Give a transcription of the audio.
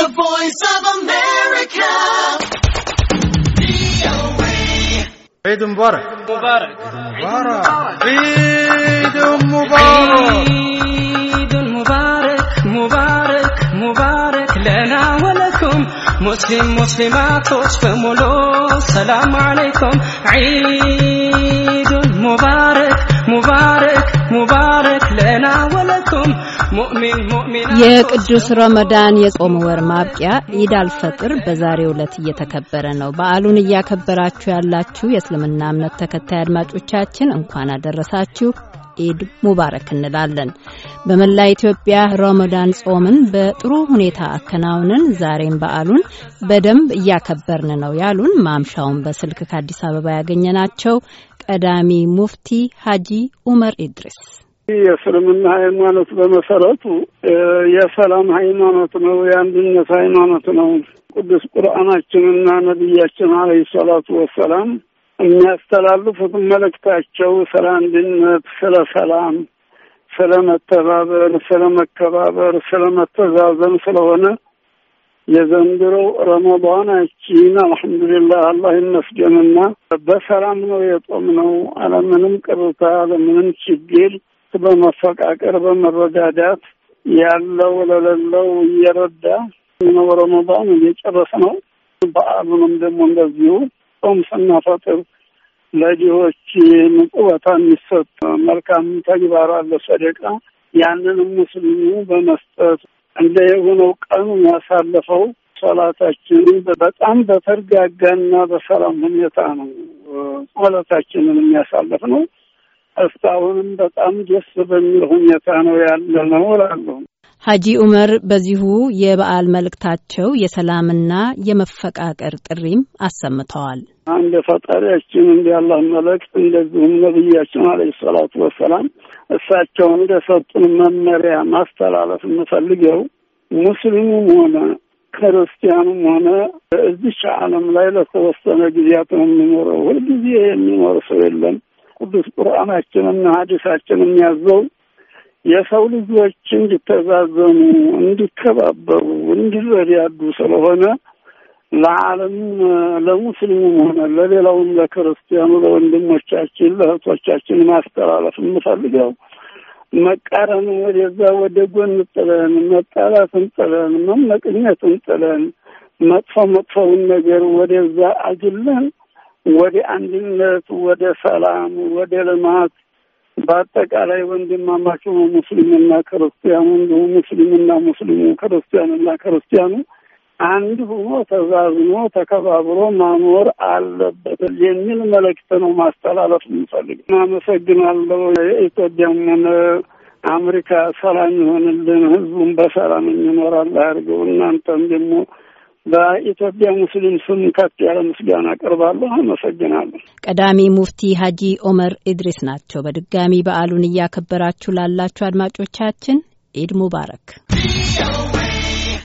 The Voice of America. عيد مبارك مبارك مبارك عيد مبارك عيد مبارك مبارك مبارك لنا ولكم مسلم مسلمات فملوا السلام عليكم عيد مبارك مبارك مبارك የቅዱስ ረመዳን የጾም ወር ማብቂያ ኢድ አልፈጥር በዛሬው ዕለት እየተከበረ ነው። በዓሉን እያከበራችሁ ያላችሁ የእስልምና እምነት ተከታይ አድማጮቻችን እንኳን አደረሳችሁ። ኢድ ሙባረክ እንላለን። በመላ ኢትዮጵያ ረመዳን ጾምን በጥሩ ሁኔታ አከናውንን ዛሬም በዓሉን በደንብ እያከበርን ነው ያሉን ማምሻውን በስልክ ከአዲስ አበባ ያገኘናቸው ቀዳሚ ሙፍቲ ሀጂ ኡመር ኢድሪስ የእስልምና ሃይማኖት በመሰረቱ የሰላም ሃይማኖት ነው፣ የአንድነት ሃይማኖት ነው። ቅዱስ ቁርአናችንና ነቢያችን አለይሂ ሰላቱ ወሰላም የሚያስተላልፉት መልእክታቸው ስለ አንድነት፣ ስለ ሰላም፣ ስለ መተባበር፣ ስለ መከባበር፣ ስለ መተዛዘን ስለሆነ የዘንድሮ ረመዳናችን አልሐምዱሊላህ አላህ ይመስገንና በሰላም ነው የጦም ነው። አለምንም ቅርታ፣ አለምንም ችግር በመፈቃቀር በመረዳዳት ያለው ለሌለው እየረዳ ነው። ረመዳን እየጨረስ ነው። በዓሉንም ደግሞ እንደዚሁ ጾም ስናፈጥር ለድሆች ምጽዋታ የሚሰጥ መልካም ተግባር አለ፣ ሰደቃ። ያንንም ሙስሊሙ በመስጠት እንደ የሆነው ቀኑ ያሳለፈው ሶላታችንን በጣም በተርጋጋና በሰላም ሁኔታ ነው ሶላታችንን የሚያሳልፍ ነው። እስካሁንም በጣም ደስ በሚል ሁኔታ ነው ያለ ነው እላለሁ። ሀጂ ኡመር በዚሁ የበዓል መልእክታቸው የሰላምና የመፈቃቀር ጥሪም አሰምተዋል። አንድ ፈጣሪያችን እንዲያላህ መልእክት እንደዚሁም ነቢያችን አለይሂ ሰላቱ ወሰላም እሳቸው እንደሰጡን መመሪያ ማስተላለፍ የምፈልገው ሙስሊሙም ሆነ ክርስቲያኑም ሆነ እዚች ዓለም ላይ ለተወሰነ ጊዜያት ነው የሚኖረው። ሁልጊዜ የሚኖር ሰው የለም። ቅዱስ ቁርአናችንና ሀዲሳችን የሚያዘው የሰው ልጆች እንዲተዛዘኑ፣ እንዲከባበሩ፣ እንዲረዳዱ ስለሆነ ለዓለም ለሙስሊሙም ሆነ ለሌላውም ለክርስቲያኑ ለወንድሞቻችን ለእህቶቻችን ማስተላለፍ የምፈልገው መቃረን ወደዛ ወደ ጎን ጥለን መጣላትን ጥለን መመቅኘትን ጥለን መጥፎ መጥፎውን ነገር ወደዛ አግለን ወደ አንድነት፣ ወደ ሰላም፣ ወደ ልማት በአጠቃላይ ወንድማማች ሙስሊምና ክርስቲያኑ እንዲሁ ሙስሊምና ሙስሊሙ ክርስቲያንና ክርስቲያኑ አንድ ሆኖ ተዛዝኖ ተከባብሮ ማኖር አለበት የሚል መልእክት ነው ማስተላለፍ የምንፈልግ። አመሰግናለሁ። የኢትዮጵያም ሆነ አሜሪካ ሰላም ይሆንልን፣ ህዝቡን በሰላም እንኖራለ አድርገው እናንተም ደግሞ በኢትዮጵያ ሙስሊም ስም ከፍ ያለ ምስጋና አቀርባለሁ። አመሰግናለሁ። ቀዳሚ ሙፍቲ ሀጂ ኦመር ኢድሪስ ናቸው። በድጋሚ በዓሉን እያከበራችሁ ላላችሁ አድማጮቻችን ኢድ ሙባረክ።